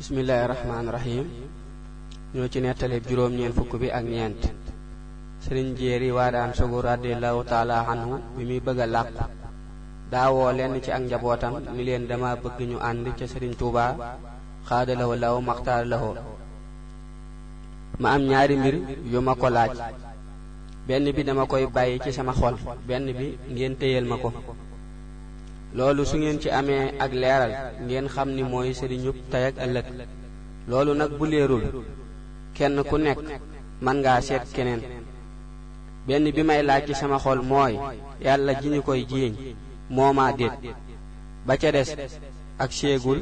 bismillaahi rahmaani rahiim ñoo ci nettali juróom ñeent fukk bi ak ñeent sëriñ jéeri waa daan sogu radiallahu taala bi muy bëgg a làq daawoo lenn ci ak njabootam ni leen dama bëgg ñu ànd ca sëriñ tuuba xaadalawo law maxtaar ma am ñaari mbir yu ma ko laaj benn bi dama koy bàyyi ci sama xol benn bi ngeen téyal ma ko loolu su ngeen ci amee ak leeral ngeen xam ni mooy sëriñu tey ak ëllëg loolu nag bu leerul kenn ku nekk mën ngaa seet keneen benn bi may laaj ci sama xol mooy yàlla ji ñu koy jiiñ moomaa déet ba ca des ak séegul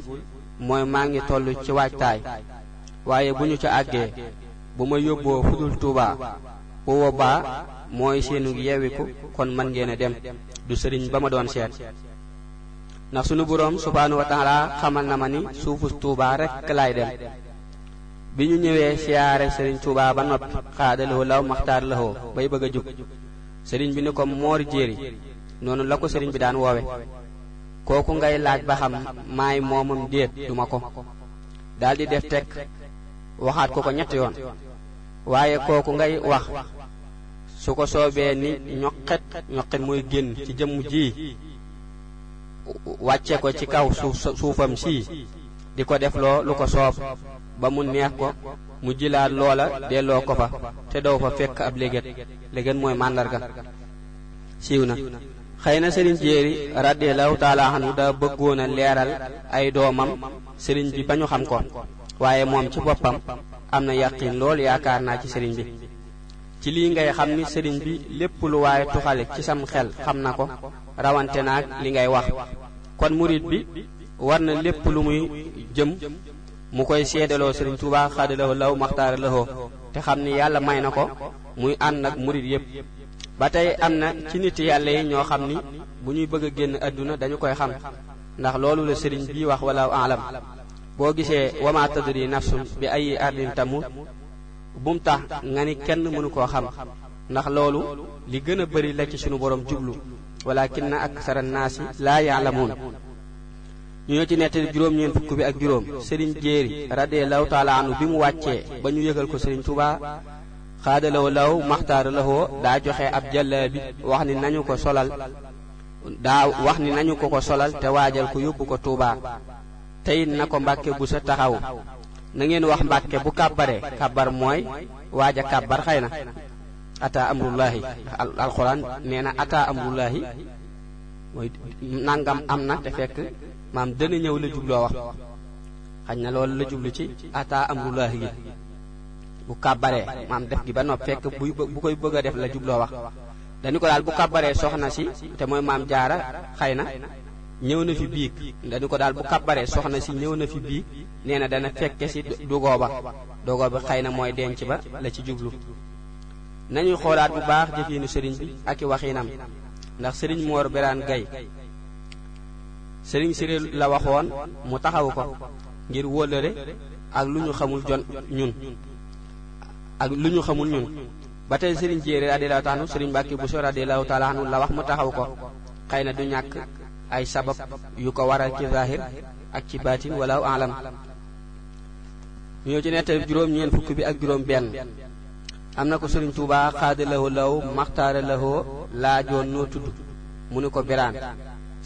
mooy maa ngi toll ci waajtaay waaye bu ñu ca àggee bu ma yóbboo fudul tuubaa bu boobaa mooy seenu yewiku kon mën ngeen a dem du sëriñ ba ma doon seet ndax sunu boroom subhaanahu wa taala xamal na ma ni suufu tuuba rekk laay dem bi ñu ñëwee siyaare sëriñ tuuba ba noppi xaadalawoo law maxtaar lawoo bay bëgg a jug sëriñ bi ni ko moor jéeri noonu la ko sëriñ bi daan woowe kooku ngay laaj ba xam maay moomam déet duma ko daldi def tekk waxaat ko ko ñett yoon waaye kooku ngay wax su ko soobee ni ñoqet ñoqet muy génn ci jëmm ji wàcce ko ci kaw suuf suufam sii di ko def loo lu ko soob ba mu neex ko mu jilaat loola delloo ko fa te doo fa fekk ab léget léget mooy màndarga siiw na xëy na sëriñ jéeri radiallahu taala anhu da bëggoon a leeral ay doomam sëriñ bi ba ñu xam ko waaye moom ci boppam am na yàqin lool yaakaar naa ci sëriñ bi ci lii ngay xam ni sëriñ bi lépp lu waaye tuxale ci sam xel xam na ko rawante naag li ngay wax kon murid bi war na lépp lu muy jëm mu koy seedaloo sëriñ Tuubaa xaadalawoo law maxtaara lahoo te xam ni yàlla may na ko muy ànd ak murid yépp ba tey am na ci nit yàlla yi ñoo xam ni bu ñuy bëgg a génn àdduna dañu koy xam ndax loolu la sëriñ bi wax walaaw alam boo gisee wama tadri nafsun bi ay ardin tamut bum tax nga ni kenn mënu koo xam ndax loolu li gën a bari la ci sunu borom jublu na ak naasi laa yaalamuun ñoo ci nettali juróom ñeen fukk bi ak juróom sëriñ jéeri radiallahu taala anhu bi mu wàccee ba ñu yëgal ko sëriñ Tuubaa xaadalaw law maxtaara lahoo daa joxe ab jàllaa bi wax ni nañu ko solal daa wax ni nañu ko ko solal te waajal ko yóbbu ko Tuubaa tey na ko mbàkke bu sa taxaw na ngeen wax mbàkke bu kàbbaree kàbbar mooy waaj a kàbbar xëy na ata amrullahi alquran nee na ata amrullahi mooy nangam am na te fekk maam dana ñëw la jubloo wax xañ na loolu la jublu ci ata amrullahi gi bu kàbbaree maam def gi ba nopp fekk bu koy bëgg a def la jubloo wax dañu ko daal bu kàbbaree soxna si te mooy maam jaara xëy na ñëw na fi biig dañu ko daal bu kàbbaree soxna si ñëw na fi biig nee na dana fekke si dugoo ba dugoo bi xëy na mooy denc ba la ci jublu nañuy xoolaat bu baax jëfiinu sëriñ bi ak i waxiinam ndax sëriñ Mor Birane Gaye sëriñ Cyril la waxoon mu taxaw ko ngir wóllëre ak lu ñu xamul jon ñun ak lu ñu xamul ñun ba tey sëriñ Jéere radiyallahu taala anhu sëriñ Mbàkke Buso radiyallahu taala anhu la wax mu taxaw ko xëy na du ñàkk ay sabab yu ko waral ci zahir ak ci baatin wala alam ñoo ci nettali juróom ñeent fukk bi ak juróom benn am na ko sëriñ Tuubaa xaada lahoo law maxtaara lahoo laajoon noo tudd mu ni ko biraan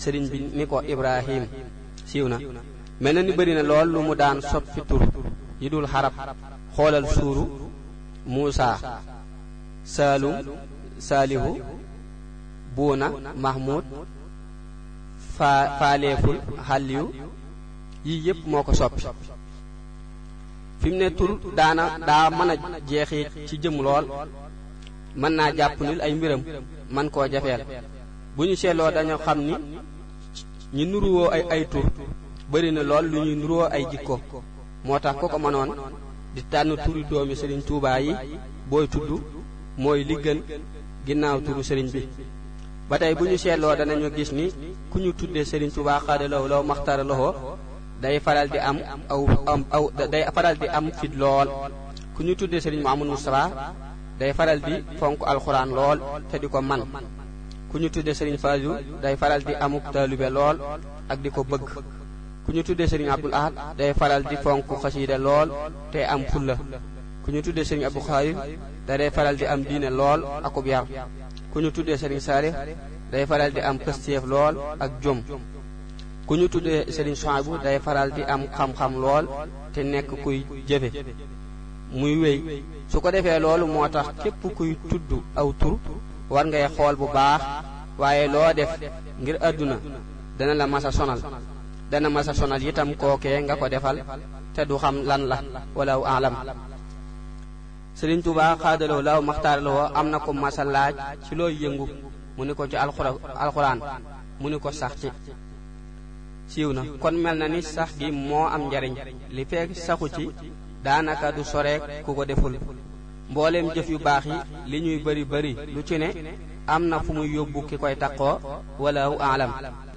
sëriñ bi ni ko ibrahim siiw na mel na ni bëri na lool lu mu daan soppi tur yi dul xarab xoolal suuru muusa saalum saalihu buuna mahmud faaleeful xàlliyu yii yépp moo ko soppi fi mu ne tur daana daa mën a jeexi ci jëm lool mën naa jàpp nil ay mbiram man koo jafeel bu ñu seeloo dañoo xam ni ñu nuruwoo ay ay tur bëri na lool lu ñuy nuruwoo ay jikko moo tax ku ko mënoon di tànn turu doomi Serigne tuubaa yi booy tudd mooy li gën ginnaaw turu Serigne bi. ba tey bu ñu seetloo danañu gis ni ku ñu tuddee Serigne Touba xaadalaw law maxtara loxo day faral di am am aw day am fit lool ku ñu tuddee Serigne Mouhamadou Moustapha day faral di fonk alxuraan lool te di ko man ku ñu tuddee Serigne Fallou day faral di amuk taalube lool ak di ko bëgg ku ñu tuddee Serigne Abdoul Ahad day faral di fonk xasiida lool te am fulla ku ñu tuddee Serigne Abdou Khari da faral di am diine lool akub yar ku ñu tuddee Serigne Saalix day faral di am pësteef lool ak jom ku ñu tuddee Serigne Souhaïbou day faral di am xam-xam lool te nekk kuy jëfe muy wéy su ko defee loolu moo tax képp kuy tudd aw tur war ngay xool bu baax waaye loo def ngir àdduna dana la masa sonal dana masa sonal itam kookee nga ko defal te du xam lan la wala alam Serigne Touba xaadaloo law maxtaaraloo am na ko masa laaj ci looy yëngu mu ni ko ci alxuraan mu ni ko sax ci siiw na kon mel na ni sax gi moo am njariñ li fekk saxu ci daanaka du soreek ku ko deful mbooleem jëf yu baax yi li ñuy bari bëri lu ci ne am na fu muy yóbbu ki koy taqoo wallahu aalam